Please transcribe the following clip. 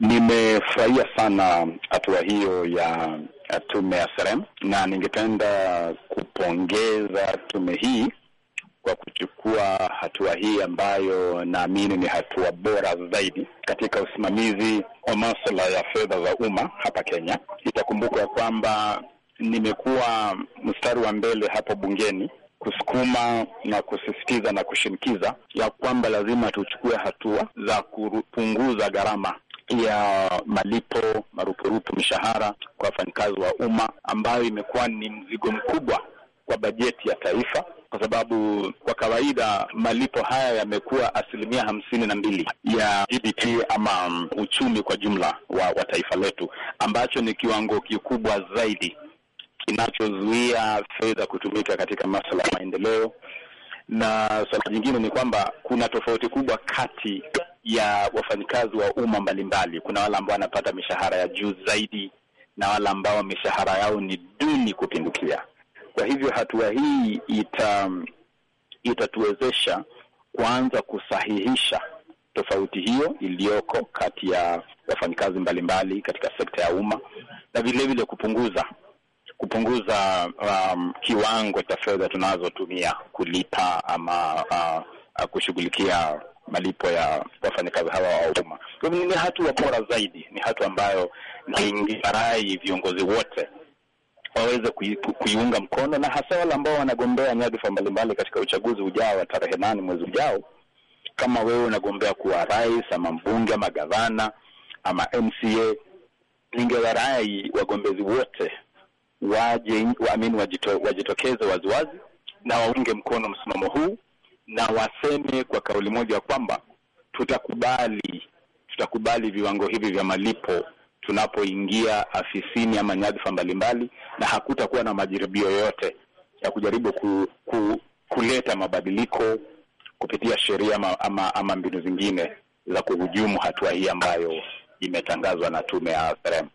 Nimefurahia sana hatua hiyo ya tume ya Serem na ningependa kupongeza tume hii kwa kuchukua hatua hii ambayo naamini ni hatua bora zaidi katika usimamizi wa masuala ya fedha za umma hapa Kenya. Itakumbukwa kwamba nimekuwa mstari wa mbele hapo bungeni kusukuma na kusisitiza na kushinikiza ya kwamba lazima tuchukue hatua za kupunguza gharama ya malipo marupurupu, mishahara kwa wafanyakazi wa umma, ambayo imekuwa ni mzigo mkubwa kwa bajeti ya taifa kwa sababu kwa kawaida malipo haya yamekuwa asilimia hamsini na mbili ya GDP ama um, uchumi kwa jumla wa, wa taifa letu, ambacho ni kiwango kikubwa zaidi kinachozuia fedha kutumika katika masala ya maendeleo. Na suala jingine ni kwamba kuna tofauti kubwa kati ya wafanyikazi wa umma mbalimbali. Kuna wale ambao wanapata mishahara ya juu zaidi na wale ambao mishahara yao ni duni kupindukia. Kwa hivyo hatua hii ita itatuwezesha kuanza kusahihisha tofauti hiyo iliyoko kati ya wafanyikazi mbalimbali katika sekta ya umma na vile vile kupunguza kupunguza um, kiwango cha fedha tunazotumia kulipa ama uh, kushughulikia malipo ya wafanyakazi hawa wa umma. Kwa hivyo ni hatua bora zaidi, ni hatua ambayo ningewarai viongozi wote waweze kui, kuiunga mkono na hasa wale ambao wanagombea nyadhifa mbalimbali katika uchaguzi ujao wa tarehe nane mwezi ujao. Kama wewe unagombea kuwa rais ama mbunge ama gavana ama MCA, ningewarai wagombezi wote waje waamini, wajito, wajitokeze waziwazi na waunge mkono msimamo huu na waseme kwa kauli moja kwamba tutakubali tutakubali viwango hivi vya malipo tunapoingia afisini ama nyadhifa mbalimbali, na hakutakuwa na majaribio yoyote ya kujaribu ku, ku, kuleta mabadiliko kupitia sheria ama, ama, ama mbinu zingine za kuhujumu hatua hii ambayo imetangazwa na tume ya Serem.